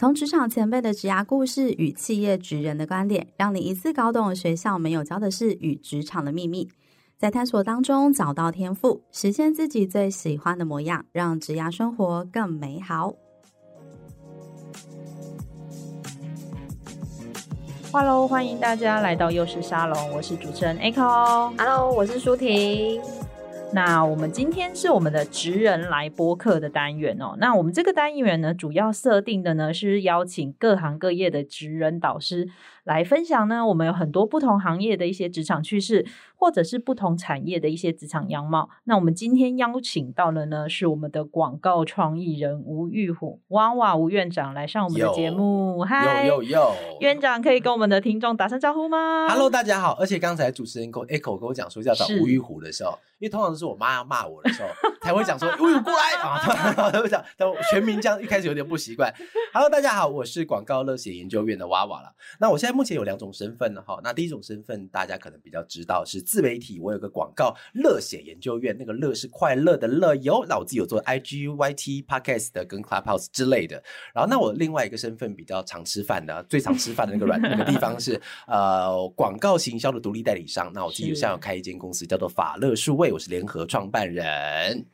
從職場前輩的職涯故事與企業職人的觀點，讓你一次搞懂學校沒有教的事與職場的祕密，在探索當中找到天賦，實現自己最喜歡的模樣，讓職涯生活更美好。Hello，歡迎大家來到幼師沙龍，我是主持人 Echo。Hello，我是舒婷。那我們今天是我們的職人來播客的單元哦。那我們這個單元呢，主要設定的呢，是邀請各行各業的職人導師。來分享呢，我們有很多不同行業的一些職場趨勢，或者是不同產業的一些職場樣貌。那我們今天邀請到了呢，是我們的廣告創意人吳玉琥，娃娃吳院長來上我們的節目。嗨，Hi, yo ,院長可以跟我們的聽眾打聲招呼嗎？Hello，大家好。而且剛才主持人跟、e、Echo 跟我講說叫吳玉琥的時候，是因為通常是我媽要罵我的時候 才會講說吳玉琥過來啊，講、 呃、 全名這樣一開始有點不習慣。Hello，大家好，我是廣告樂血研究院的娃娃了。那我現在。目前有兩種身份，呢，哈，那第一種身份大家可能比較知道是自媒體，我有個廣告樂血研究院，那個樂是快樂的樂，有，那我自己有做 I G Y T podcast 的跟 Clubhouse 之類的。然後，那我另外一個身份比較常吃飯的，最常吃飯的那個軟 那個地方是呃廣告行銷的獨立代理商，那我自己像有想要開一間公司叫做法樂數位，我是聯合創辦人。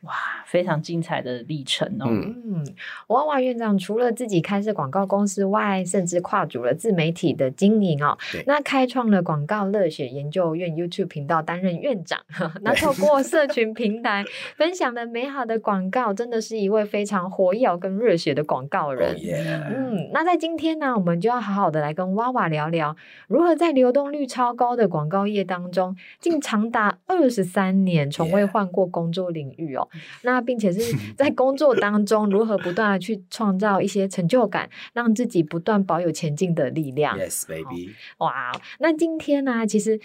哇，非常精彩的歷程哦，嗯，哇哇、嗯、院長除了自己開設廣告公司外，甚至跨足了自媒體的經經營哦，對那開創了廣告熱血研究院 YouTube 頻道，擔任院長。那對透過社群平台分享的美好的廣告，真的是一位非常活躍跟熱血的廣告人。Oh, yeah. 嗯，那在今天呢，我們就要好好的來跟娃娃聊聊，如何在流動率超高的廣告業當中，竟長達二十三年從未換過工作領域哦。Yeah. 那並且是在工作當中如何不斷的去創造一些成就感，讓自己不斷保有前進的力量。Yes, 哇，那今天呢、啊？其實。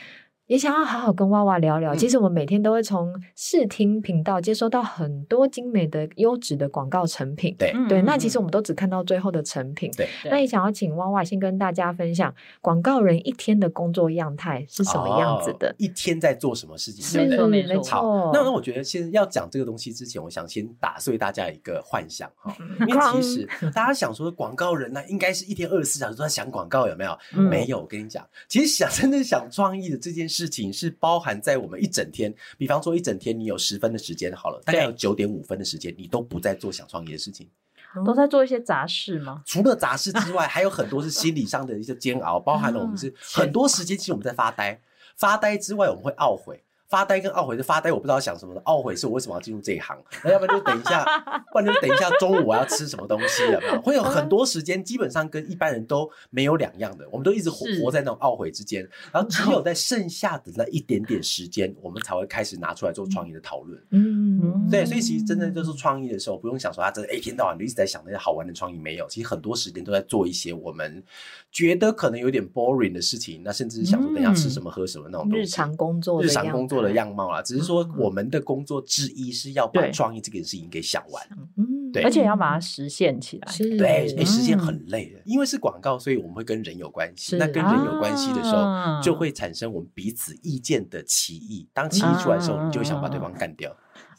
也想要好好跟娃娃聊聊。嗯、其實我們每天都會從視聽頻道接收到很多精美的、優質的廣告成品。對對，那其實我們都只看到最後的成品。對，對那也想要請娃娃先跟大家分享廣告人一天的工作樣態是什麼樣子的？哦、一天在做什麼事情？沒錯是沒錯。那那我覺得，先要講這個東西之前，我想先打碎大家一個幻想哈，因為其實大家想說廣告人呢、啊，應該是一天二十四小時都在想廣告，有沒有？嗯、沒有。我跟你講，其實想真正想創意的這件事。事情是包含在我們一整天，比方說一整天你有十分的時間好了，對大概有九點五分的時間，你都不在做想創業的事情，嗯、都在做一些雜事嗎？除了雜事之外， 還有很多是心理上的一些煎熬，包含了我們是很多時間其實我們在發呆，嗯啊、發呆之外我們會懊悔。發呆跟懊悔，就發呆，我不知道想什麼的；懊悔是我為什麼要進入這一行。那要不然就等一下， 不然就等一下中午我要吃什麼東西了嘛。會有很多時間，基本上跟一般人都沒有兩樣的，我們都一直活活在那種懊悔之間。是然後只有在剩下的那一點點時間，嗯、我們才會開始拿出來做創意的討論。嗯。嗯、對，所以其實真正就是創意的時候，不用想說他真一天到晚就一直在想那些好玩的創意，沒有。其實很多時間都在做一些我們覺得可能有點 boring 的事情，那甚至是想說等一下吃什麼喝什麼那種日常工作、日常工作的樣貌啊。貌嗯嗯、只是說我們的工作之一是要把創意這件事情給想完，對嗯，對，而且要把它實現起來。嗯、對，哎、欸，實現很累的，因為是廣告，所以我們會跟人有關係。是那跟人有關係的時候，啊、就會產生我們彼此意見的歧義。當歧義出來的時候，啊、你就會想把對方幹掉。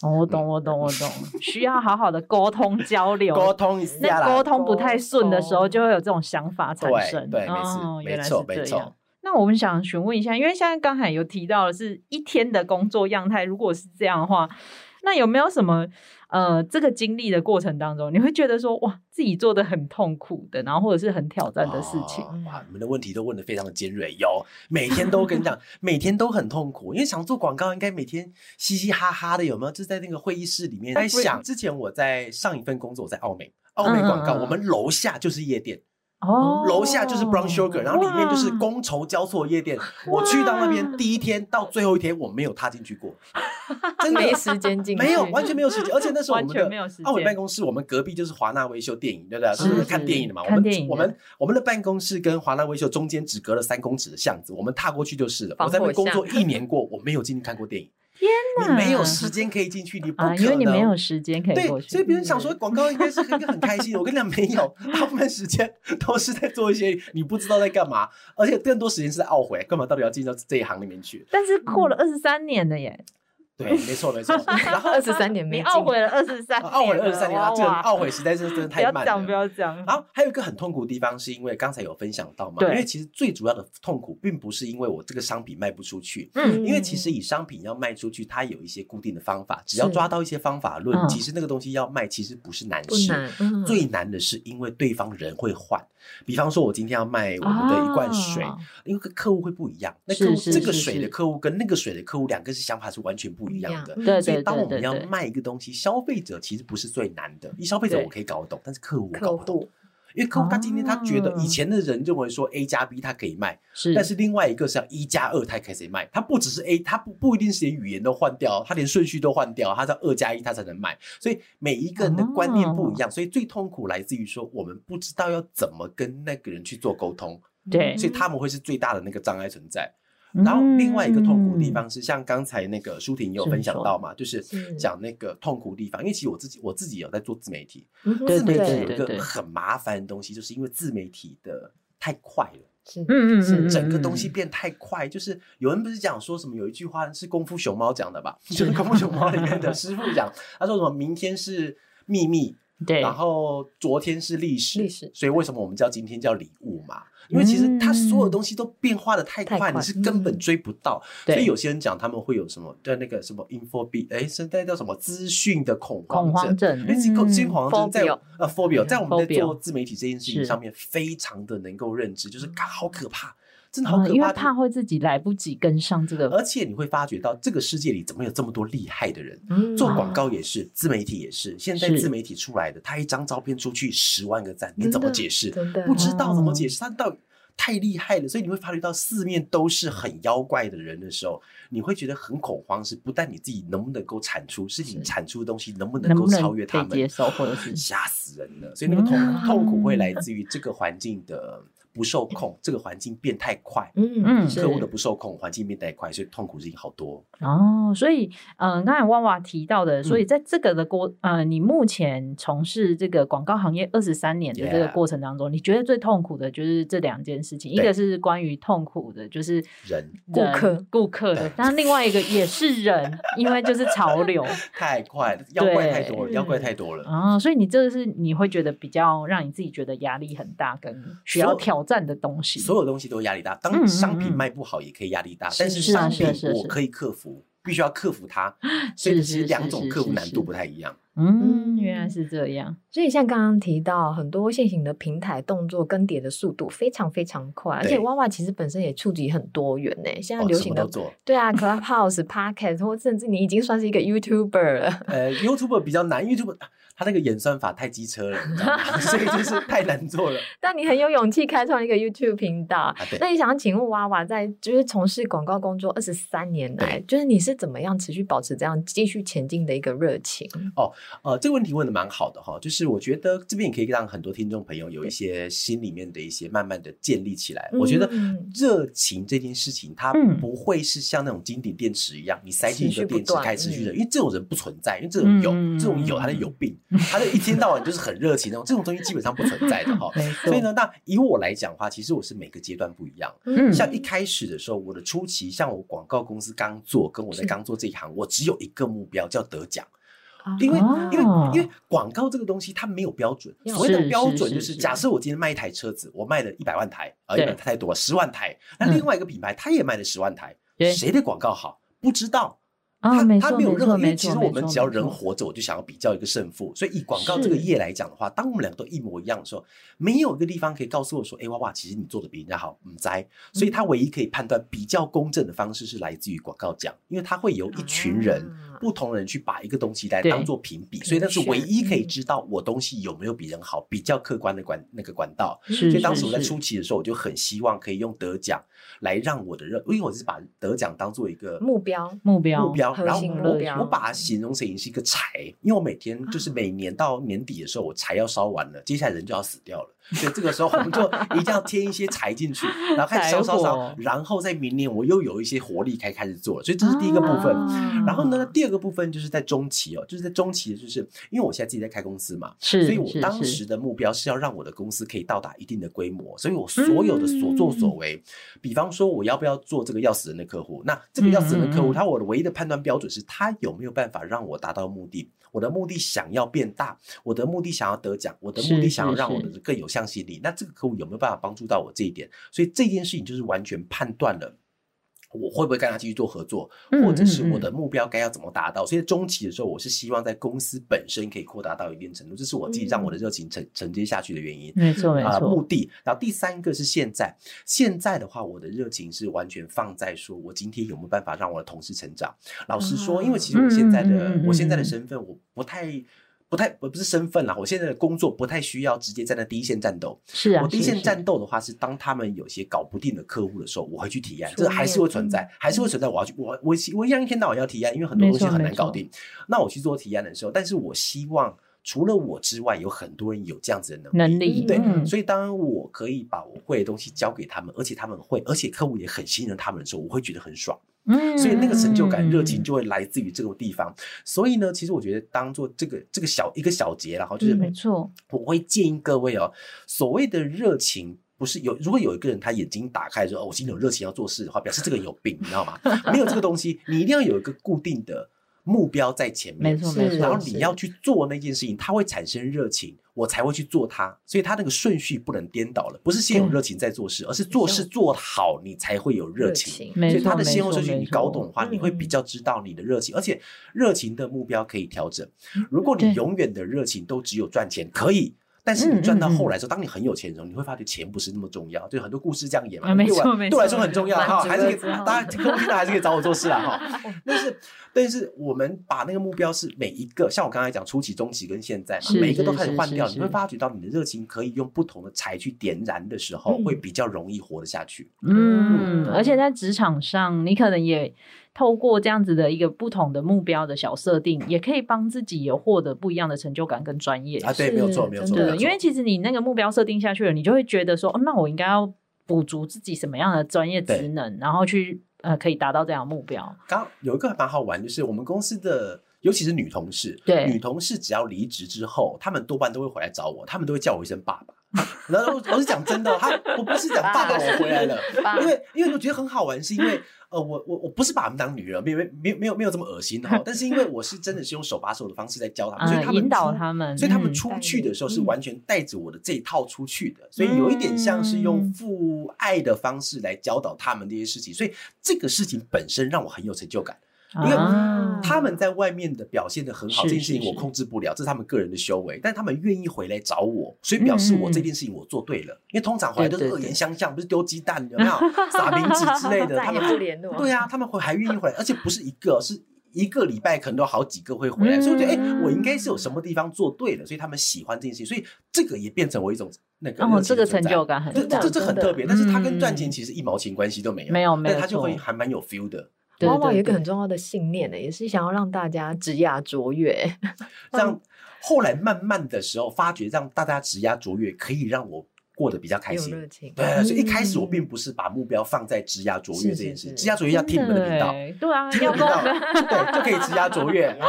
我懂，我懂，我懂，需要好好的溝通交流。溝 通一下，那溝通不太順的時候，就會有這種想法產生。對，對，oh, 沒錯，原來是這樣。沒錯。那我們想詢問一下，因為現在剛才有提到的是一天的工作樣態，如果是這樣的話，那有沒有什麼？呃，這個經歷的過程當中，你會覺得說，哇，自己做得很痛苦的，然後或者是很挑戰的事情。哇，哇，你們的問題都問得非常的尖銳，有，每天都跟你講， 每天都很痛苦，因為想做廣告，應該每天嘻嘻哈哈的，有沒有？就在那個會議室裡面會在想。之前我在上一份工作，在奧美，奧美廣告，嗯嗯嗯，我們樓下就是夜店。哦，樓下就是 Brown Sugar，哇然後裡面就是觥籌交錯的夜店。哇我去到那邊第一天到最後一天，我沒有踏進去過，哇真的沒時間進，沒有完全沒有時間。而且那是我們的奧委辦公室，我們隔壁就是華納威秀電影，對不對？是，是看電影的嘛？的我們我們我們的辦公室跟華納威秀中間只隔了三公尺的巷子，我們踏過去就是了。我在那邊工作一年過，我沒有進去看過電影。天哪，你沒有時間可以進去，你不可能。啊，因為你沒有時間可以過去，對，所以別人想說廣告應該是很很開心。 我跟你講，沒有，大部分時間都是在做一些你不知道在幹嘛，而且更多時間是在懊悔，幹嘛到底要進到這一行裡面去？但是過了二十三年了耶。嗯。對，沒錯，沒錯。然後二十三年沒進，你懊悔了二十三，懊悔二十三年，這個懊悔實在是真的太慢了。不要講，不要講。然後還有一個很痛苦的地方，是因為剛才有分享到嘛？對。因為其實最主要的痛苦，並不是因為我這個商品賣不出去。嗯。因為其實以商品要賣出去，它有一些固定的方法，只要抓到一些方法論，其實那個東西要賣，其實不是難事。最難的是因為對方人會換。比方說，我今天要賣我們的一罐水，因為客戶會不一樣。那個這個水的客戶跟那個水的客戶，兩個是想法是完全不。不一樣的，嗯、所以當我們要賣一個東西，對對對對消費者其實不是最難的，一消費者我可以搞得懂，對但是客戶搞不懂，戶因為客戶他今天他覺得以前的人認為說 A 加 B 他可以賣，是、啊，但是另外一個是要一加二他可以賣，是他不只是 A，他不不一定是連語言都換掉，他連順序都換掉，他要二加一他才能賣，所以每一個人的觀念不一樣，啊、所以最痛苦來自於說我們不知道要怎麼跟那個人去做溝通，對，所以他們會是最大的那個障礙存在。然後另外一個痛苦的地方是，像剛才那個舒婷也有分享到嘛，就是講那個痛苦的地方。因為其實我自己我自己有在做自媒體，自媒體有一個很麻煩的東西，就是因為自媒體的太快了，是嗯是整個東西變太快。就是有人不是講說什麼有一句話是《功夫熊貓》講的吧？就是《功夫熊貓》裡面的師傅講，他說什麼明天是秘密。然後昨天是歷史，歷史，所以為什麼我們叫今天叫禮物嘛？因為其實它所有東西都變化的太快，你是根本追不到。所以有些人講他們會有什麼，對，那個什麼 info b，哎，現在叫什麼資訊的恐慌症？哎，資訊恐慌症在呃 phobia，在我們在做自媒體這件事情上面非常的能夠認知，就是好可怕。真的好可怕，因為怕會自己來不及跟上這個。而且你會發覺到這個世界裡怎麼有這麼多厲害的人？做廣告也是，自媒體也是。現在自媒體出來的，他一張照片出去十萬個讚，你怎麼解釋？不知道怎麼解釋。他到底太厲害了，所以你會發覺到四面都是很妖怪的人的時候，你會覺得很恐慌。是不但你自己能不能夠產出，事情，產出的東西能不能夠超越他們？或者是嚇死人了。所以那個痛痛苦會來自於這個環境的。不受控，這個環境變太快。嗯嗯，客戶的不受控，環境變太快，所以痛苦事情好多。哦，所以，嗯，剛才 WaWa 提到的，所以在這個的過，呃，你目前從事這個廣告行業二十三年的這個過程當中，你覺得最痛苦的就是這兩件事情，一個是關於痛苦的，就是人顧客顧客的，但另外一個也是人，因為就是潮流太快了，妖怪太多了，妖怪太多了啊。所以你這是你會覺得比較讓你自己覺得壓力很大，跟需要挑。讚的東西，所有東西都壓力大。當商品賣不好也可以壓力大，嗯嗯嗯，但是商品我可以克服，是必須要克服它。是是是是，所以其實兩種克服難度不太一樣。是是是是是是嗯，原來是這樣。所以像剛剛提到，很多現行的平台動作更迭的速度非常非常快，對而且 WaWa 其實本身也觸及很多元呢、欸。現在流行的，對啊，Clubhouse、Podcast 或甚至你已經算是一個 YouTuber 了。 呃，YouTuber 比較難，YouTuber。他那個演算法太機車了，你知道嗎？ 所以就是太難做了。但你很有勇氣開創一個 YouTube 頻道。那、啊、你想要請問娃娃，在就是從事廣告工作二十三年來，對就是你是怎麼樣持續保持這樣繼續前進的一個熱情？哦，呃，這個問題問的蠻好的哈。就是我覺得這邊也可以讓很多聽眾朋友有一些心裡面的一些慢慢的建立起來。嗯嗯我覺得熱情這件事情，它不會是像那種金頂電池一樣，嗯、你塞進一個電池開始去的，嗯、因為這種人不存在，因為這種有嗯嗯嗯這種有，他就有病。他就一天到晚就是很熱情那種，這種東西基本上不存在的哈。所以呢，那以我來講的話，其實我是每個階段不一樣。嗯，像一開始的時候，我的初期，像我廣告公司剛做，跟我在剛做這一行，我只有一個目標叫得獎，因為因為因為廣告這個東西它沒有標準，所謂的標準就是假設我今天賣一台車子，我賣了一百萬台，啊，一百台太多了，十萬台。那另外一個品牌它也賣了十萬台，誰的廣告好不知道。他他沒有任何意義。其實我們只要人活着，我就想要比較一個勝負。所以以廣告這個業來講的話，當我們兩個都一模一樣的時候，沒有一個地方可以告訴我說，哎哇哇，其實你做的比人家好，嗯哉。所以他唯一可以判斷比較公正的方式是來自於廣告獎，因為它會由一群人不同人去把一個東西來當做評比。所以那是唯一可以知道我東西有沒有比人好，比較客觀的管那個管道。所以當時我在初期的時候，我就很希望可以用得獎。來讓我的熱，因為我是把得獎當做一個目標，目標，目標，然後我標我把它形容成是一個柴，因為我每天就是每年到年底的時候，我柴要燒完了，啊、接下來人就要死掉了。 所以這個時候，我們就一定要添一些柴進去，然後開始燒燒燒，然後在明年我又有一些活力才開始做了。所以這是第一個部分。然後呢，第二個部分就是在中期哦、喔，就是在中期，就是因為我現在自己在開公司嘛，所以我當時的目標是要讓我的公司可以到達一定的規模，所以我所有的所作所為，比方說我要不要做這個要死人的客戶，那這個要死人的客戶，他我的唯一的判斷標準是他有沒有辦法讓我達到目的。我的目的想要變大，我的目的想要得獎，我的目的想要讓我的更有向心力，是是是，那這個客戶有沒有辦法幫助到我這一點？所以這件事情就是完全判斷了。我會不會跟他繼續做合作，或者是我的目標該要怎麼達到？嗯嗯、所以在中期的時候，我是希望在公司本身可以擴大到一定程度，這是我自己讓我的熱情承、嗯、承接下去的原因。沒錯，啊、沒錯。目的。然後第三個是現在，現在的話，我的熱情是完全放在說我今天有沒有辦法讓我的同事成長。老實說，嗯、因為其實我現在的、嗯、我現在的身份，我不太。不太我不是身份啦，我現在的工作不太需要直接站在第一線戰鬥。是啊，我第一線戰鬥的話是當他們有些搞不定的客戶的時候，我會去提案，啊、這個還是會存在，還是會存在。我要去，我我我一樣一天到晚要提案，因為很多東西很難搞定。那我去做提案的時候，但是我希望除了我之外，有很多人有這樣子的能力。能力對，嗯、所以當我可以把我會的東西教給他們，而且他們會，而且客戶也很信任他們的時候，我會覺得很爽。嗯，所以那個成就感、熱情就會來自於這個地方。所以呢，其實我覺得當做這個這個小一個小節，然後就是沒錯，我會建議各位哦，所謂的熱情，不是有，如果有一個人他眼睛打開的時候，哦，我心裡有熱情要做事的話，表示這個人有病，你知道嗎？沒有這個東西，你一定要有一個固定的。目標在前面，沒錯，沒錯。然後你要去做那件事情，是它會產生熱情，我才會去做它。所以它那個順序不能顛倒了，不是先有熱情再做事，嗯、而是做事做好要你才會有熱情。熱情。所以它的先後順序你搞懂的話，你會比較知道你的熱情，嗯、而且熱情的目標可以調整。如果你永遠的熱情都只有賺錢，可以。但是你賺到後來的時候，嗯嗯嗯當你很有錢的時候，你會發覺錢不是那麼重要。對很多故事這樣演嘛，啊、沒錯沒錯對吧？對我來說很重要哈，還是可以大家客戶聽到還是可以找我做事啊。哈， 但是但是我們把那個目標是每一個，像我剛才講初期、中期跟現在，每一個都開始換掉，是是是是是你會發覺到你的熱情可以用不同的柴去點燃的時候，嗯、會比較容易活得下去。嗯，嗯而且在職場上，你可能也。透過這樣子的一個不同的目標的小設定，也可以幫自己有獲得不一樣的成就感跟專業啊，對，沒有錯，沒有錯，真的，因為其實你那個目標設定下去了，你就會覺得說，哦，那我應該要補足自己什麼樣的專業職能，對然後去呃，可以達到這樣的目標。剛有一個還蠻好玩，就是我們公司的，尤其是女同事，對，女同事只要離職之後，她們多半都會回來找我，她們都會叫我一聲爸爸。 然後我是講真的、哦，他我不是講爸爸我回來了，因為，因為我覺得很好玩，是因為呃我我我不是把他們當女人，沒沒沒沒有沒有這麼噁心哈，哦，但是因為我是真的是用手把手的方式在教他們，嗯、所以他們引導他們，所以他們出去的時候是完全帶着我的這一套出去的，嗯、所以有一點像是用父愛的方式來教導他們這些事情，嗯、所以這個事情本身讓我很有成就感。因為他們在外面的表現得很好，這件事情我控制不了，這是他們個人的修為。但他們願意回來找我，所以表示我這件事情我做對了。因為通常回來都是惡言相向，不是丟雞蛋有沒有？撒冥紙之類的，他們對啊，他們會還願意回來，而且不是一個，是一個禮拜可能都有好幾個會回來。所以我覺得，哎，我應該是有什麼地方做對了，所以他們喜歡這件事情。所以這個也變成我一種那個這個成就感很大，這這這很特別。但是它跟賺錢其實一毛錢關係都沒有，沒有沒有，他就會還蠻有 feel 的。往往、哦、有一個很重要的信念呢，也是想要讓大家直壓卓越。對對對這樣後來慢慢的時候，發覺讓大家直壓卓越，可以讓我。過得比較開心，對，所以一開始我並不是把目標放在職涯卓越這件事，職涯卓越要聽你們的頻道，對啊，聽我們頻道，對，就可以職涯卓越。沒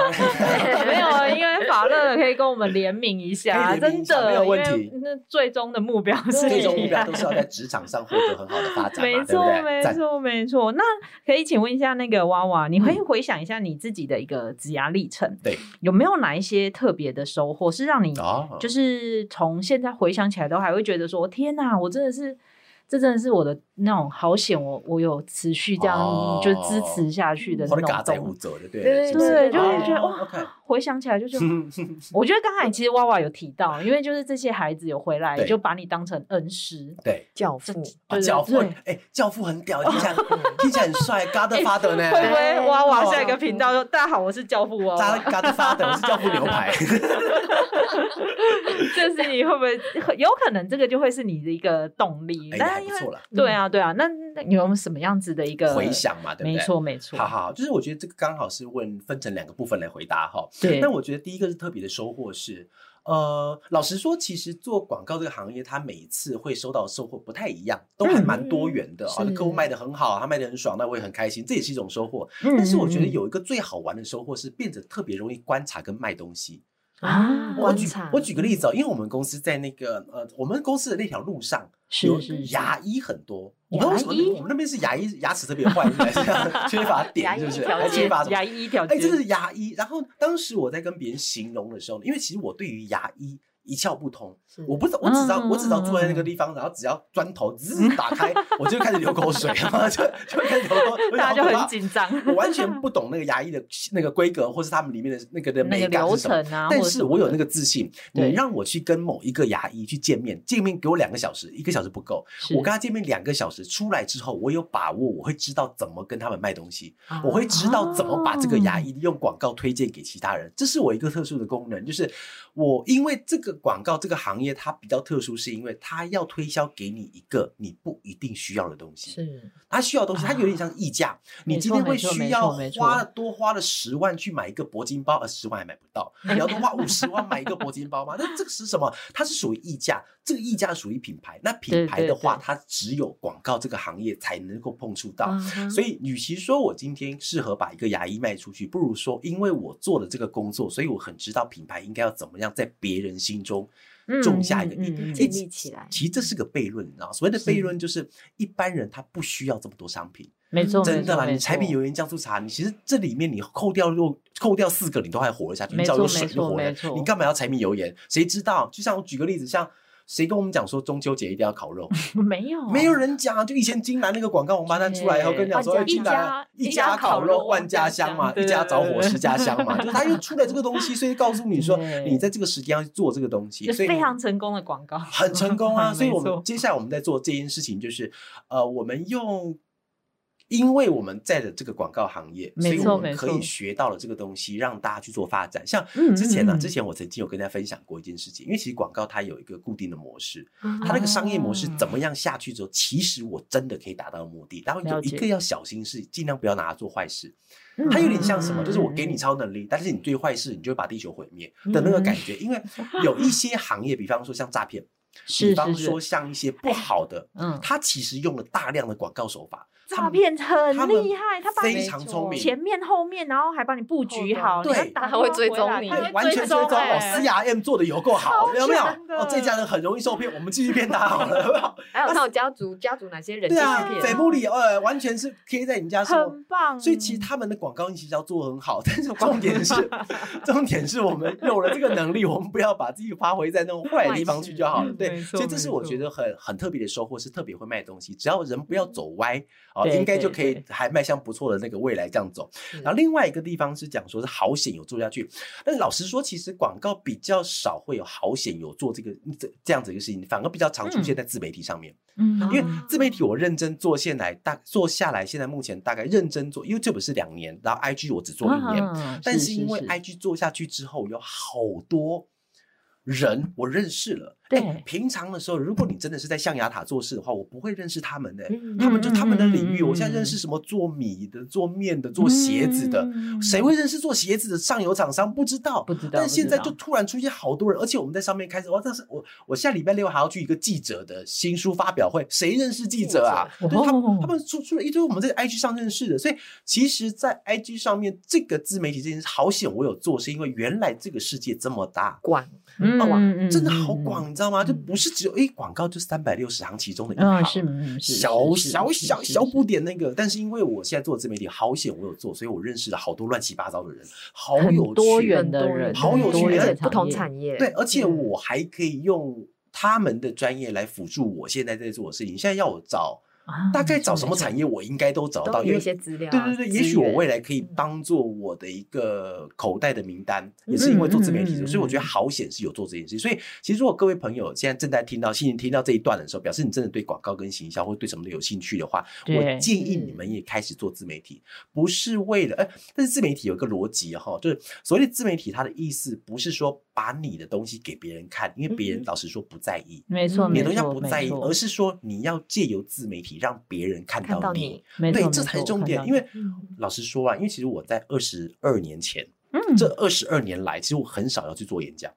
有啊，因為法樂可以跟我們聯名一下，真的沒有問題。那最終的目標是？最終目標都是要在職場上獲得很好的發展，沒錯，沒錯，沒錯。那可以請問一下，那個娃娃，你可以回想一下你自己的一個職涯歷程，對，有沒有哪一些特別的收穫是讓你，就是從現在回想起來都還會覺得說？我天吶，我真的是，這真的是我的。那種好險，我我有持續這樣就是支持下去的那種動力，對對對，就會覺得哇，回想起來就是，我覺得剛才其實娃娃有提到，因為就是這些孩子有回來，就把你當成恩師、對，教父、教父。哎，教父很屌，聽起來聽起來很帥，God Father 呢？會不會娃娃下一個頻道說：“大家好，我是教父哦。”God Father 是教父牛排。這是你會不會有可能這個就會是你的一個動力？哎，不錯啦，對啊。對啊，那，那你有有什麼樣子的一個回想嘛？對不對？沒錯，沒錯。好，好好，就是我覺得這個剛好是問分成兩個部分來回答哈。對。那我覺得第一個是特別的收穫是，呃，老實說，其實做廣告這個行業，他每一次會收到的收穫不太一樣，都還蠻多元的。啊、嗯，的，客戶賣的很好，他賣的很爽，那我也很開心，這也是一種收穫。但是我覺得有一個最好玩的收穫是，變得特別容易觀察跟賣東西。啊，察我舉我舉個例子啊、喔，因為我們公司在那個呃，我們公司的那條路上是是牙醫很多，是是是我們知為什麼？醫我們那邊是牙醫牙齒特別壞，應該是缺乏碘？ 點是不是？還缺乏什麼？牙醫哎、欸，這是牙醫。然後當時我在跟別人形容的時候，因為其實我對於牙醫。一竅不通，我不知道，我只知道，我只知道坐在那個地方，然後只要磚頭滋打開，我就開始流口水，就就開始流。大家就很緊張，我完全不懂那個牙醫的那個規格，或是他們裡面的那個的美感是什麼。但是我有那個自信，你讓我去跟某一個牙醫去見面，見面給我兩個小時，一個小時不夠，我跟他見面兩個小時，出來之後，我有把握，我會知道怎麼跟他們賣東西，我會知道怎麼把這個牙醫用廣告推薦給其他人。這是我一個特殊的功能，就是我因為這個。廣告這個行業它比較特殊，是因為它要推銷給你一個你不一定需要的東西。是，它需要的東西，它有點像溢價。啊、你今天會需要花多花了十萬去買一個鉑金包，而、啊、十萬還買不到。你要多花五十萬買一個鉑金包嗎？ 那這個是什麼？它是屬於溢價。這個溢價屬於品牌。那品牌的話，對對對，它只有廣告這個行業才能夠碰觸到。嗯、哼所以，與其說我今天適合把一個牙醫賣出去，不如說因為我做了這個工作，所以我很知道品牌應該要怎麼樣在別人心裡。中種、嗯、下一個，建立、嗯、一起來，其實這是個悖論，你知道嗎？所謂的悖論就是一般人他不需要這麼多商品，沒錯的，真的啦。錯你柴米油鹽醬醋茶，你其實這裡面你扣掉，若扣掉四個，你都還活了下去，錯你照水就活了，錯你幹嘛要柴米油鹽？誰知道？就像我舉個例子，像。誰跟我們講說中秋節一定要烤肉？ 沒有，沒有人講啊。就以前金蘭那個廣告，我媽媽出來以後跟你講說，哎對，金蘭一,家一家烤肉，萬家香嘛，一家着對 火十家香嘛。對 就他又出了這個東西，所以告訴你說，你在這個時間要做這個東西， 對 所以非常成功的廣告，很成功啊。所以我們接下來我們在做這件事情，就是呃，我們用。因為我們在的這個廣告行業，所以我們可以學到了這個東西，讓大家去做發展。像之前呢，之前我曾經有跟大家分享過一件事情，因為其實廣告它有一個固定的模式，它那個商業模式怎麼樣下去之後，其實我真的可以達到目的。然後有一個要小心是，盡量不要拿它做壞事。它有點像什麼，就是我給你超能力，但是你對壞事，你就會把地球毀滅的那個感覺。因為有一些行業，比方說像詐騙，比方說像一些不好的，它其實用了大量的廣告手法。詐騙很厲害，他非常聰明，前面後面，然後還幫你布局好，對，打他會追蹤你，完全追蹤，哦，CRM 做的有夠好，有沒有？哦，這家人很容易受騙，我們繼續騙他好了，好不好？還有家族家族哪些人，對啊，在布裡，呃，完全是可以在人家手，很棒。所以其實他們的廣告其實要做很好，但是重點是，重點是我們有了這個能力，我們不要把自己發揮在那種壞的地方去就好了。對，所以這是我覺得很很特別的收穫，是特別會賣東西，只要人不要走歪。哦，應該就可以還邁向不錯的那個未來這樣走。然後另外一個地方是講說是好險有做下去，但老實說，其實廣告比較少會有好險有做這個這這樣子一個事情，反而比較常出現在自媒體上面。因為自媒體我認真做下來大做下來，現在目前大概認真做，YouTube 是兩年，然後 I G 我只做一年，但是因為 I G 做下去之後有好多人我認識了。哎對、欸，平常的時候，如果你真的是在象牙塔做事的話，我不會認識他們呢、欸。嗯、他們就他們的領域，嗯、我現在認識什麼做米的、做麵的、做鞋子的，誰、嗯、會認識做鞋子的上游廠商？不知道，不知道。但現在就突然出現好多人，而且我們在上面開始哇！但是我我下禮拜六還要去一個記者的新書發表會，誰認識記者啊？哦、對他們他們出出了一堆我們在 IG 上認識的，所以其實，在 IG 上面這個自媒體這件事，好險我有做，是因為原來這個世界這麼大廣，嗯，嗯，真的好廣，你知道。嗯知道嗎？就不是只有一廣告，就三百六十行其中的一行，哦，是，是，是小小小小不點那個。是是是，但是因為我現在做自媒體，好險我有做，所以我認識了好多亂七八糟的人，好有趣多元的人，好有趣多元不同產業。產業對，而且我還可以用他們的專業來輔助我現在在做的事情。嗯、現在要我找。大概找什麼產業，我應該都找得到，有一些資料，對對對，也許我未來可以當做我的一個口袋的名單，也是因為做自媒體，所以我覺得好險是有做這件事。所以，其實如果各位朋友現在正在聽到，新人聽到這一段的時候，表示你真的對廣告跟行銷或者對什麼都有興趣的話，我建議你們也開始做自媒體，不是為了哎，但是自媒體有一個邏輯哈，就是所謂的自媒體，它的意思不是說把你的東西給別人看，因為別人老實說不在意，沒錯，你的東西不在意，而是說你要借由自媒體。讓別人看到你，看到你對，沒錯，這才是重點。因為、嗯、老實說啊，因為其實我在二十二年前，嗯、這二十二年來，其實我很少要去做演講，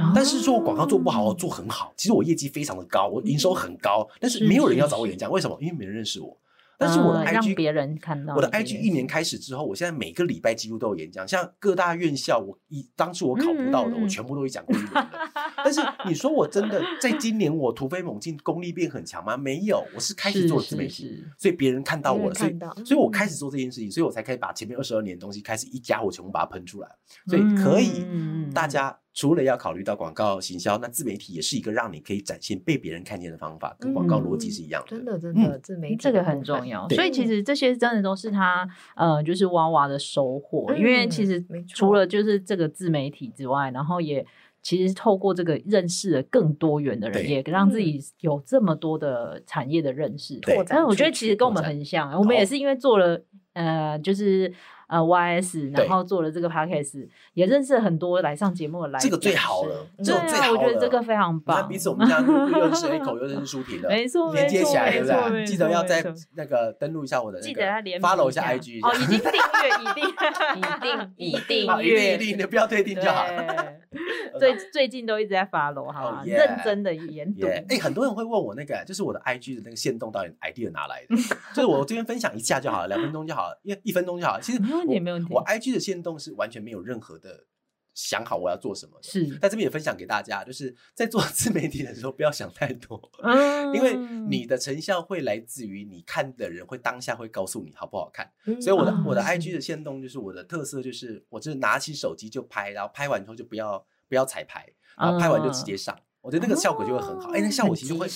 嗯、但是說我廣告做不好，我做很好，其實我業績非常的高，我營收很高，嗯、但是沒有人要找我演講，嗯、為什麼？因為沒人認識我。但是我的 IG，別、嗯、人看到我的 IG，一年開始之後，我現在每個禮拜幾乎都有演講，像各大院校我，我一當初我考不到的，嗯嗯我全部都會講過一。 但是你說我真的在今年我突飛猛進，功力變很強嗎？沒有，我是開始做自媒體，是是是，所以別人看到我了，到所以所以我開始做這件事情，所以我才開始把前面二十二年的東西開始一家伙全部把它噴出來。所以可以，大家除了要考慮到廣告行銷，那自媒體也是一個讓你可以展現被別人看見的方法，跟廣告邏輯是一樣的。真的，真的，自媒體這個很重要。所以其實這些真的都是他呃，就是 WaWa 的收穫。因為其實除了就是這個自媒體之外，然後也其實透過這個認識了更多元的人，也讓自己有這麼多的產業的認識。對，但我覺得其實跟我們很像，我們也是因為做了呃，就是。呃，Y S，然後做了這個 Podcast，也認識了很多來上節目的來，這個最好了，這個最好。我覺得這個非常棒。彼此我們這樣又認識一口，又認識書婷的，沒錯，連接起來，對不對？記得要再那個登錄一下我的，記得要 follow 一下 IG，哦，已經訂閱，已定一定一定一定，你不要退訂就好了。最最近都一直在 follow 哈，認真的研讀。哎，很多人會問我那個，就是我的 IG 的那個限動到底 idea 哪來的？就是我這邊分享一下就好了，兩分鐘就好了，因為一分鐘就好了。其實。我，我 IG 的限動是完全沒有任何的想好我要做什麼，是但這邊也分享給大家，就是在做自媒體的時候不要想太多，嗯、因為你的成效會來自於你看的人會當下會告訴你好不好看。嗯、所以我的我的 IG 的限動就是我的特色，就是我就是拿起手機就拍，然後拍完之後就不要不要彩排，然後拍完就直接上。我覺得那個效果就會很好。哎、嗯欸，那效果其實會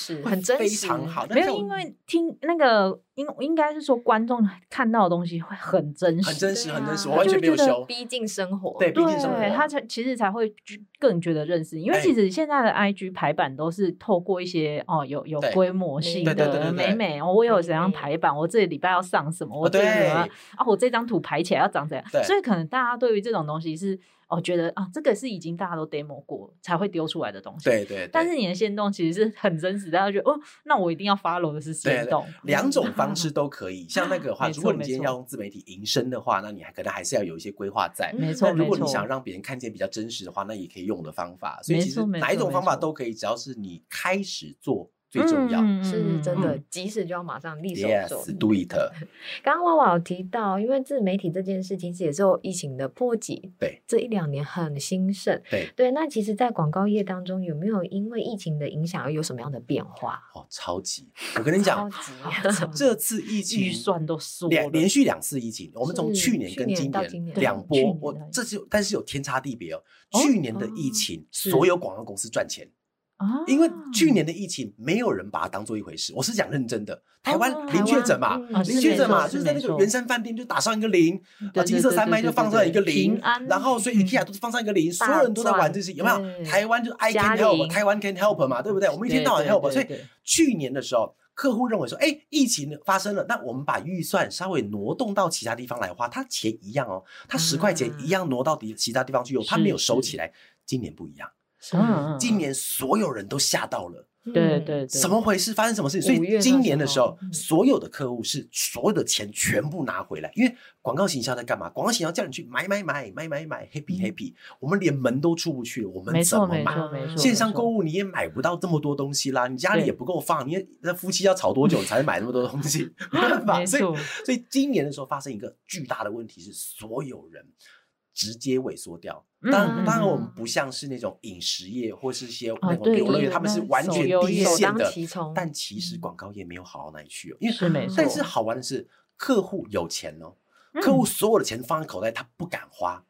非常好，但是因為聽那個。應應該是說，觀眾看到的東西會很真實，很真實，很真實，完全沒有修，逼近生活。對，對，逼近生活。他才其實才會更覺得認識你，因為其實現在的 IG 排版都是透過一些哦，有有規模性的美美我有怎樣排版，我這禮拜要上什麼，我對啊，我這張圖排起來要長怎樣？所以可能大家對於這種東西是哦，覺得啊，這個是已經大家都 demo 過才會丟出來的東西。對對。但是你的現動其實是很真實，大家覺得哦，那我一定要 follow 的是現動，兩種。方式都可以，像那個的話，啊、如果你今天要用自媒體營生的話，沒錯，那你還可能還是要有一些規劃在。沒錯，但如果你想讓別人看見比較真實的話，那也可以用我的方法。沒錯，所以其實哪一種方法都可以，沒錯，只要是你開始做。最重要是真的，即時就要馬上立手做，do it。剛剛娃娃有提到，因為自媒體這件事，其實也是疫情的波及，對，這一兩年很興盛，對。對，那其實，在廣告業當中，有沒有因為疫情的影響而有什麼樣的變化？哦，超級！我跟你講，這次疫情預算都縮，連連續兩次疫情，我們從去年跟今年兩波，我這次但是有天差地別哦。去年的疫情，所有廣告公司賺錢。因為去年的疫情，沒有人把它當做一回事。我是講認真的，台灣零確診嘛，零確診嘛，就是在那個圓山飯店就打上一個零，啊金色三麥就放上一個零，然後所以 IKEA 都是放上一個零，所有人都在玩這些，有沒有？台灣就 I can help，台灣 can help 嘛，對不對？我們一天到晚 help，所以去年的時候，客戶認為說，哎，疫情發生了，那我們把預算稍微挪動到其他地方來花，他錢一樣哦，他十塊錢一樣挪到底其他地方去用，他沒有收起來。今年不一樣。嗯嗯啊、今年所有人都嚇到了。嗯、對對對，怎麼回事？發生什麼事？所以今年的時候，嗯、所有的客戶是所有的錢全部拿回來。因為廣告形象在幹嘛？廣告形象叫你去買買買買買買，happy happy。黑皮黑皮，嗯、我們連門都出不去了，我們怎麼買？線上購物你也買不到這麼多東西啦，嗯、你家裡也不夠放，對你那夫妻要吵多久才能買那麼多東西？沒辦法，所以所以今年的時候發生一個巨大的問題是，所有人。直接萎縮掉，當然、嗯、當然我們不像是那種飲食業或是一些旅遊樂業、哦、對對對對他們是完全低線的。其但其實廣告業沒有好到哪裡去，哦、嗯、因為是沒錯，但是好玩的是客戶有錢哦。嗯、客戶所有的錢放在口袋他不敢花，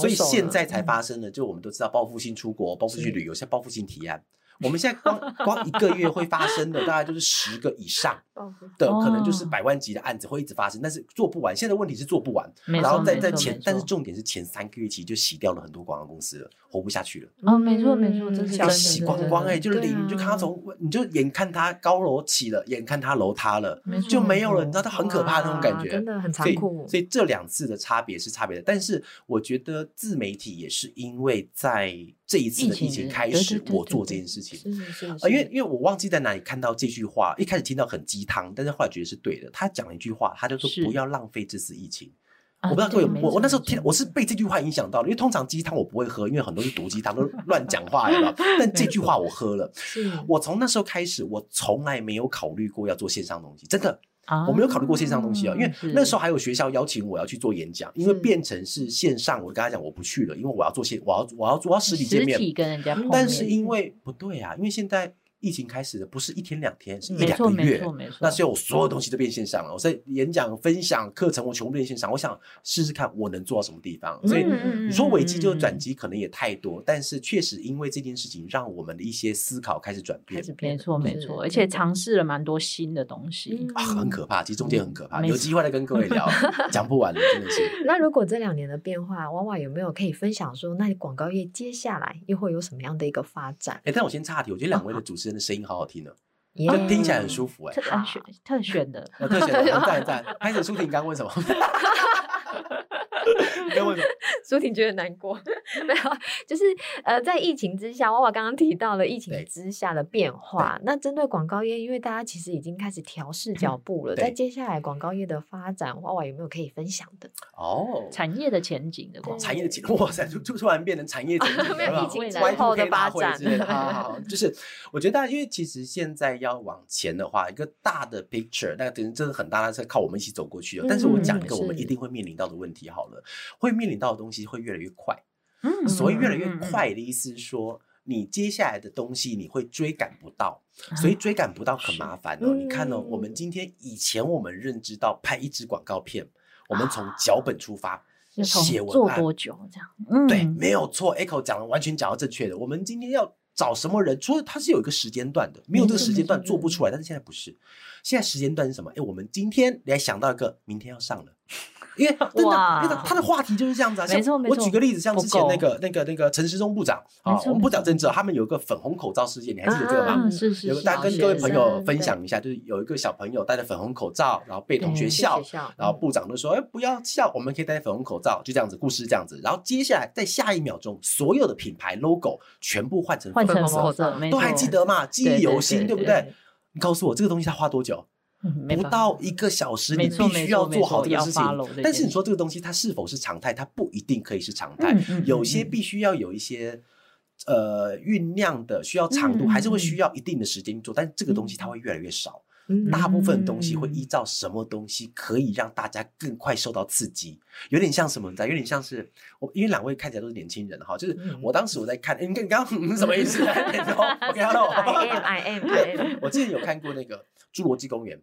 所以現在才發生的，就我們都知道報復性出國、報復去旅遊、像報復性提案。我們現在光光一個月會發生的大概就是十個以上的，可能就是百萬級的案子會一直發生，但是做不完。現在問題是做不完，然後在在前，但是重點是前三個月期就洗掉了很多廣告公司了，活不下去了。哦，沒錯沒錯，真的洗光光哎，就是你，就看他從你就眼看他高樓起了，眼看他樓塌了，就沒有了，你知道他很可怕那種感覺，真的很殘酷。所以這兩次的差別是差別的，但是我覺得自媒體也是因為在。這一次的疫情開始，對對對對我做這件事情啊，是是是因為因為我忘記在哪裡看到這句話，一開始聽到很雞湯，但是後來覺得是對的。他講了一句話，他就說不要浪費這次疫情。是我不知道各位、啊、對，我我那時候聽，我是被這句話影響到了。因為通常雞湯我不會喝，因為很多是毒雞湯， 都亂講話了。 但這句話我喝了， 是的我從那時候開始，我從來沒有考慮過要做線上東西，真的。Oh, 我沒有考慮過線上的東西啊，嗯、因為那時候還有學校邀請我要去做演講，是因為變成是線上，我跟他講我不去了，因為我要做線，我要我要做實體見面。但是因為不對啊，因為現在。疫情開始的不是一天兩天，是一兩個月。沒錯沒錯，那所以我所有東西都變線上、嗯、上了，我在演講、分享、課程，我全部變線上。我想試試看我能做到什麼地方。所以你說危機就是轉機，可能也太多。嗯嗯、但是確實因為這件事情，讓我們的一些思考開始轉變。開始變，沒錯沒錯，對對而且嘗試了蠻多新的東西、嗯啊。很可怕，其實中間很可怕。錯有機會再跟各位聊，講 不完的，真的是。那如果這兩年的變化，娃娃有沒有可以分享？說，那你廣告業接下來又會有什麼樣的一個發展？哎、欸，但我先岔題，我覺得兩位的主持人。真的聲音好好聽呢，yeah, 就聽起來很舒服哎、欸，特選吧特選的， 特選的我讚讚。拍手，蘇婷剛問什麼？ 蘇婷覺得難過，沒有，就是呃，在疫情之下，娃娃剛剛提到了疫情之下的變化。那針對廣告業，因為大家其實已經開始調適腳步了。在接下來廣告業的發展，娃娃有沒有可以分享的？哦，產業的前景的廣，產業的前景，哇塞，突突然變成產業前景，沒有疫情之後的發展的就是我覺得，因為其實現在要往前的話，一個大的 picture，那等於真的很大，是靠我們一起走過去的。但是我講一個我們一定會面臨到的問題，好了。會面臨到的東西會越來越快，所以越來越快的意思是說，你接下來的東西你會追趕不到，所以追趕不到很麻煩哦。你看呢？我們今天以前我們認知到拍一支廣告片，我們從腳本出發寫文案做多久這樣？對，沒有錯，Echo 講的完全講到正確的。我們今天要找什麼人？除了他是有一個時間段的，沒有這個時間段做不出來。但是現在不是，現在時間段是什麼？哎，我們今天你來想到一個，明天要上了。因為真的，他他的話題就是這樣子啊。我舉個例子，像之前那個那個那個陳時中部長啊，我們不講政治，他們有一個粉紅口罩事件，你還記得這個嗎？是是。大家跟各位朋友分享一下，就是有一個小朋友戴着粉紅口罩，然後被同學笑，然後部長都說：“哎，不要笑，我們可以戴粉紅口罩。”就這樣子，故事這樣子。然後接下來在下一秒鐘，所有的品牌 logo 全部換成粉紅色，都還記得嘛？記憶猶新，對不對？你告訴我，這個東西他花多久？不到一個小時，你必須要做好這個事情。事但是你說這個東西它是否是常態？它不一定可以是常態。嗯嗯、有些必須要有一些、嗯、呃醞釀的，需要長度，嗯、還是會需要一定的時間做。嗯、但這個東西它會越來越少。嗯嗯、大部分東西會依照什麼東西可以讓大家更快受到刺激，有點像什麼在？有點像是我，因為兩位看起來都是年輕人哈，就是我當時我在看，嗯，欸、你剛剛、嗯、什麼意思 I am, I am, I am. 我看到。e I am，I am。我記得有看過那個《侏羅紀公園》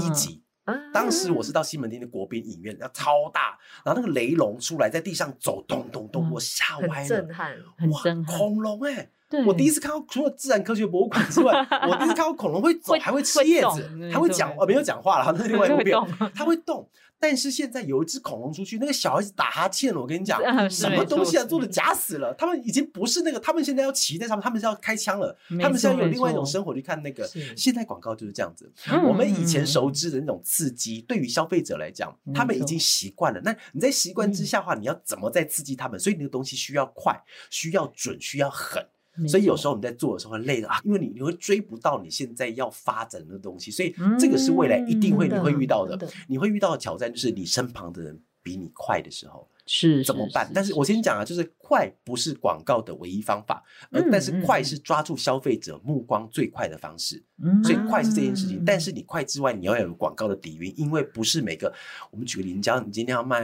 第一集，嗯嗯、當時我是到西門町的國賓影院，然後超大，然後那個雷龍出來在地上走，咚咚咚，咚，嗯、我嚇歪了，震撼，震撼哇恐龍哎、欸。我第一次看到，除了自然科學博物館之外，我第一次看到恐龍會走，還會吃葉子，它會講，沒有講話了，那是另外目標。它會動，但是現在有一隻恐龍出去，那個小孩子打哈欠了。我跟你講，什麼東西啊，做的假死了？他們已經不是那個，他們現在要騎在上面，他們是要開槍了。他們現在有另外一種生活去看那個。現在廣告就是這樣子。我們以前熟知的那種刺激，對於消費者來講，他們已經習慣了。那你在習慣之下的話，你要怎麼再刺激他們？所以那個東西需要快，需要準，需要狠。所以有時候你在做的時候會累的啊，因為你你會追不到你現在要發展的東西，所以這個是未來一定會、嗯、你會遇到的，的你會遇到的挑戰就是你身旁的人比你快的時候是怎麼辦？是是是，但是我先講啊，就是快不是廣告的唯一方法，嗯、而但是快是抓住消費者目光最快的方式，嗯、所以快是這件事情。嗯、但是你快之外，你要有廣告的底蘊，因為不是每個，我們舉個例子，你講你今天要賣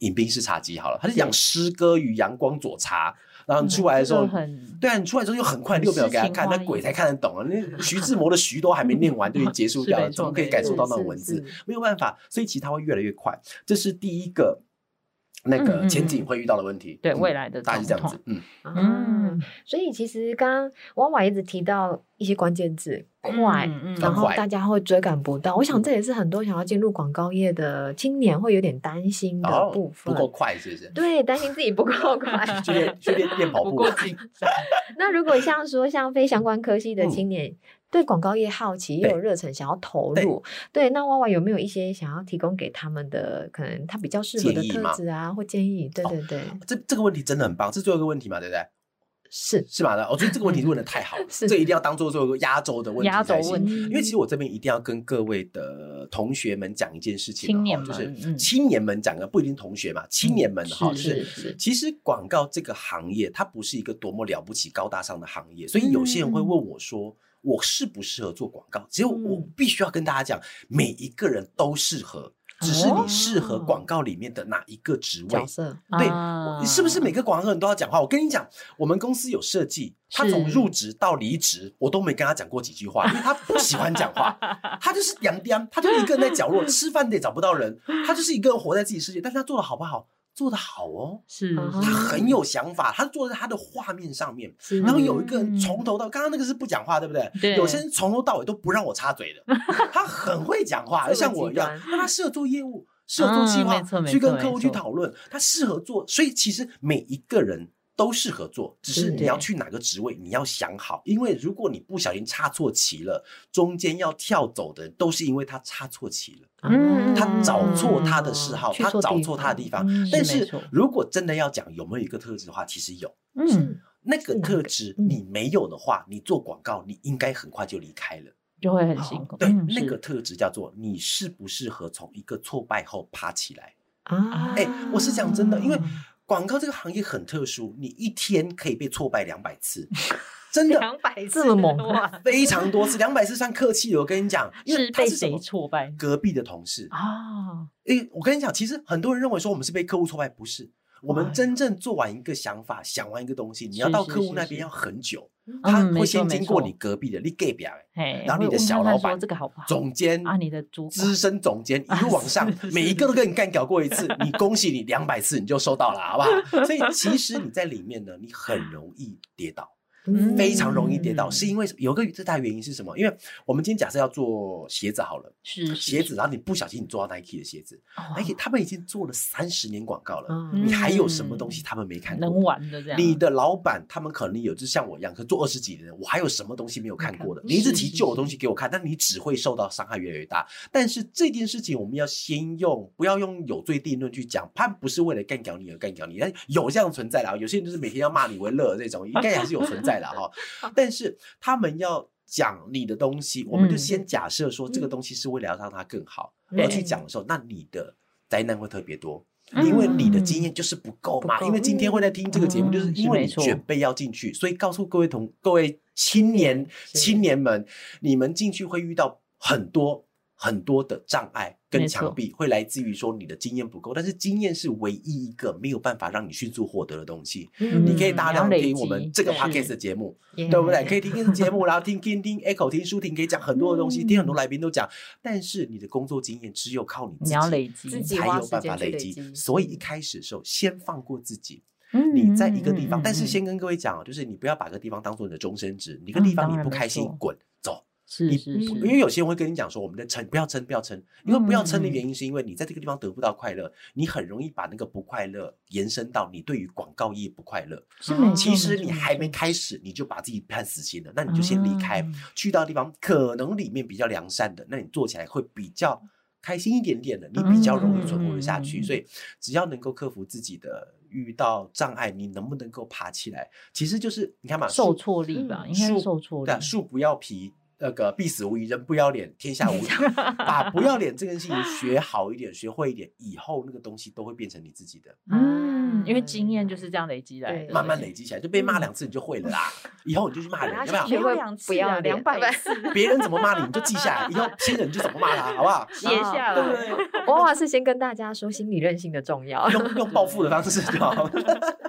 飲冰室茶集好了，它是講詩歌與陽光佐茶。嗯然後你出來的時候，嗯、對啊，你出來之後又很快，六秒給他看，那鬼才看得懂啊。那 徐志摩的徐都還沒念完，就已經結束掉了，怎麼 初可以感受到那種文字？是是是沒有辦法，所以其實它會越來越快。這是第一個。那個前景會遇到的問題，嗯、對、嗯、未來的大概是這樣子，嗯嗯、啊，所以其實剛剛 WaWa 一直提到一些關鍵字、嗯、快，嗯、然後大家會追趕不到，嗯、我想這也是很多想要進入廣告業的青年會有點擔心的部分，哦、不夠快是不是？對，擔心自己不夠快，順便順便練跑步。 不過精， 那如果像說像非相關科系的青年。嗯對廣告業好奇，又有熱忱，想要投入。對，那娃娃有沒有一些想要提供給他們的，可能他比較適合的特質啊，或建議？對對對，這這個問題真的很棒，這是最後一個問題嘛，對不對？是是吧？我覺得這個問題問得太好了，這一定要當做最後一個壓軸的問題。壓軸問題，因為其實我這邊一定要跟各位的同學們講一件事情，就是青年們講的不一定同學嘛，青年們哈，就是其實廣告這個行業，它不是一個多麼了不起、高大上的行業，所以有些人會問我說。我適不適合做廣告？只有我必須要跟大家講，每一個人都適合，只是你適合廣告裡面的哪一個職位。角色、哦、對，啊、你是不是每個廣告人都要講話？我跟你講，我們公司有設計，他從入職到離職，我都沒跟他講過幾句話，是因為他不喜歡講話， 他就是涼涼，他就一個人在角落吃飯，得找不到人，他就是一個人活在自己世界。但是他做的好不好？做得好哦，是他很有想法，他坐在他的畫面上面，是然後有一個人從頭到剛剛那個是不講話，對不對？對有些人從頭到尾都不讓我插嘴的，他很會講話，就 像我一樣，他適合做業務，適合做計劃、嗯、去跟客戶去討論，錯他適合做，所以其實每一個人。都適合做，只是你要去哪個職位，你要想好，因為如果你不小心插錯旗了，中間要跳走的都是因為他插錯旗了，嗯，他找錯他的嗜好，他找錯他的地方。但是，如果真的要講有沒有一個特質的話，其實有，嗯，那個特質你沒有的話，你做廣告你應該很快就離開了，就會很辛苦。對，那個特質叫做你適不適合從一個挫敗後爬起來啊？哎，我是講真的，因為。廣告這個行業很特殊，你一天可以被挫敗兩百次，真的，兩百次，這麼，非常多次，哇兩百次算客氣的，我跟你講，因為他是什麼，是被誰挫敗？隔壁的同事啊！哎，哦，欸，我跟你講，其實很多人認為說我們是被客戶挫敗，不是。我們真正做完一個想法，哇想完一個東西，你要到客戶那邊要很久。是是是是。嗯、他會先經過你隔壁的。嗯、你蓋表，嘿然後你的小老闆、看看好好總監監啊，你的資深總監一路往上，啊、是是是是每一個都跟你幹搞過一次， 你恭喜你兩百次你就收到了，好不好？ 所以其實你在裡面呢，你很容易跌倒。非常容易跌倒，嗯、是因為有個最大原因是什麼？因為我們今天假設要做鞋子好了，是，是，是鞋子，然後你不小心你做到 Nike 的鞋子，而且是他們已經做了三十年廣告了，哦、你還有什麼東西他們沒看過、嗯？能玩的這樣？你的老闆他們可能有，就像我一樣，可做二十幾年，我還有什麼東西沒有看過的？是是是是，你一直提舊的東西給我看，但你只會受到傷害越來越大。但是這件事情我們要先用，不要用有罪定論去講，他不是為了幹掉你而幹掉你，但是有這樣存在的啊！有些人就是每天要罵你為樂那種， 應該還是有存在的。 了哈， 但是他們要講你的東西，嗯、我們就先假設說這個東西是為了要讓它更好而、嗯、去講的時候，嗯、那你的災難會特別多，嗯、因為你的經驗就是不夠嘛。夠因為今天會在聽這個節目，就是因為你準備要進去，嗯、所以告訴各位同各位青年、嗯、青年們，你們進去會遇到很多很多的障礙。跟牆壁會來自於說你的經驗不夠，但是經驗是唯一一個沒有辦法讓你迅速獲得的東西。你可以大量聽我們這個 podcast 的節目，對不對？可以聽節目，然後聽聽聽 Echo 聽舒婷，可以講很多的東西，聽很多來賓都講。但是你的工作經驗只有靠你自己才有辦法累積。所以一開始的時候，先放過自己。你在一個地方，但是先跟各位講就是，你不要把一個地方當做你的終身職。你個地方你不開心，滾。是是是，你因為有些人會跟你講說，我們在撐，不要撐、不要撐，因為不要撐的原因是因為你在這個地方得不到快樂，嗯、你很容易把那個不快樂延伸到你對於廣告業不快樂。是嗎其實你還沒開始，你就把自己判死刑了。嗯、那你就先離開，嗯、去到地方可能裡面比較良善的，那你做起來會比較開心一點點的，你比較容易存活下去。嗯、所以只要能夠克服自己的遇到障礙，你能不能夠爬起來？其實就是你看嘛，受挫力吧，樹樹不要皮。那個必死無疑，人不要臉，天下無敵。 把不要臉這件事情學好一點，學會一點，以後那個東西都會變成你自己的。嗯，因為經驗就是這樣累積來的，慢慢累積起來。就被罵兩次你就會了啦， 以後你就去罵人，要不要？學會兩次、啊，不要兩百次。別 人怎麼罵你，你就記下來，以後新人就怎麼罵他，好不好？寫下來。哦、對對對，我我是先跟大家說心理韌性的重要， 用用報復的方式就好，對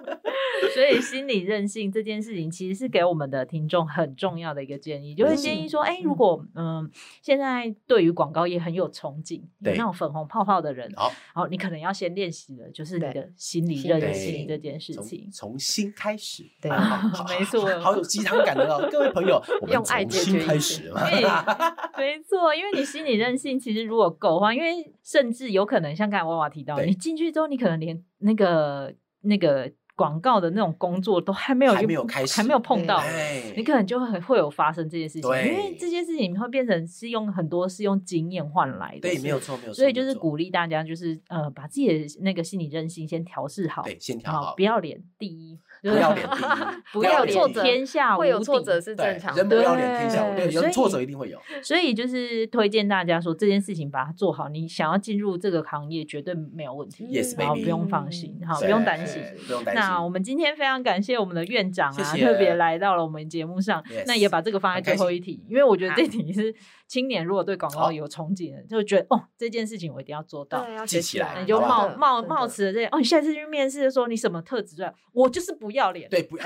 所以心理韌性這件事情，其實是給我們的聽眾很重要的一個建議，就是建議說，哎、欸，如果嗯，現在對於廣告業很有憧憬，對那種粉紅泡泡的人，好，你可能要先練習的，就是你的心理韌性這件事情，從心開始，對，啊、沒錯錯、啊，好有雞湯感的到、喔、 各位朋友，我們用愛解決開始，沒錯，因為你心理韌性其實如果夠的話，因為甚至有可能像剛才娃娃提到的，對你進去之後，你可能連那個那個。廣告的那種工作都還沒有、還沒有開始、還沒有碰到，對你可能就會對就會有發生這些事情，對因為這些事情會變成是用很多是用經驗換來的，對，以沒有錯，沒有錯，所以就是鼓勵大家就是呃把自己的那個心理韌性先調試好，對，先調好，不要臉第一。不要臉，不要臉，天下無敵，會有挫折是正常的。人不要臉，天下無敵，挫折一定會有。所以就是推薦大家說這件事情把它做好，你想要進入這個行業絕對沒有問題，好不用放心，好不用擔心。不用擔心。那我們今天非常感謝我們的院長啊，特別來到了我們節目上，那也把這個放在最後一題，因為我覺得這題是青年如果對廣告有憧憬，就會覺得哦這件事情我一定要做到，接起來，你就冒冒冒此的這些哦，你下次去面試的說你什麼特質？我就是不。要臉對不？也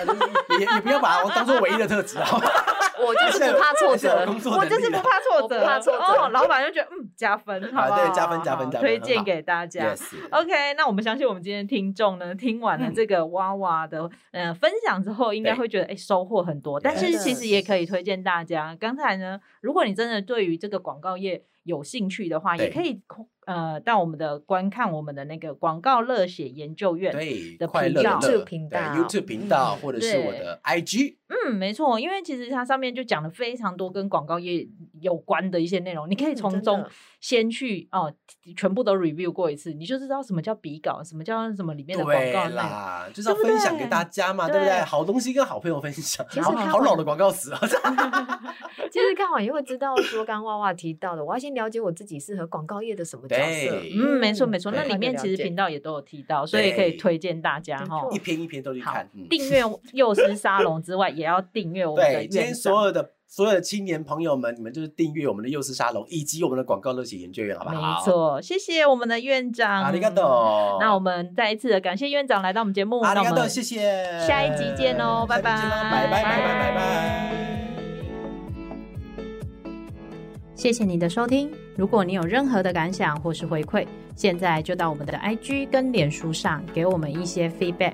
你不要把我當做唯一的特質。我就是不怕挫折，我就是不怕挫折，哦，老闆就覺得嗯加分，好，對，加分加分加分，推薦給大家。OK，那我們相信我們今天聽眾呢，聽完了這個娃娃的嗯分享之後，應該會覺得哎收穫很多。但是其實也可以推薦大家，剛才呢，如果你真的對於這個廣告業有興趣的話，也可以。呃，到我們的觀看我們的那個廣告樂血研究院的頻道，對，快樂的樂，頻道對，YouTube 頻道，嗯，或者是我的 IG。嗯，沒錯，因為其實它上面就講了非常多跟廣告業有關的一些內容，你可以從中先去哦，全部都 review 過一次，你就知道什麼叫比稿，什麼叫什麼裡面的廣告啦，就是要分享給大家嘛，對不對？好東西跟好朋友分享，其實好老的廣告詞啊，其實看完也會知道說，剛剛娃娃提到的，我要先了解我自己適合廣告業的什麼角色。嗯，沒錯沒錯，那裡面其實頻道也都有提到，所以可以推薦大家哈，一篇一篇都去看，訂閱幼師沙龍之外。也要訂閱我們的。對，今天所有的所有的青年朋友們，你們就是訂閱我們的幼師沙龍以及我們的廣告樂血研究院，好不好？沒錯，謝謝我們的院長。阿里嘎多！那我們再一次感謝院長來到我們節目。阿里嘎多，謝謝。下一集見哦，見囉拜拜，拜拜，拜拜，拜拜。拜拜謝謝你的收聽。如果你有任何的感想或是回饋，現在就到我們的 IG 跟臉書上給我們一些 feedback。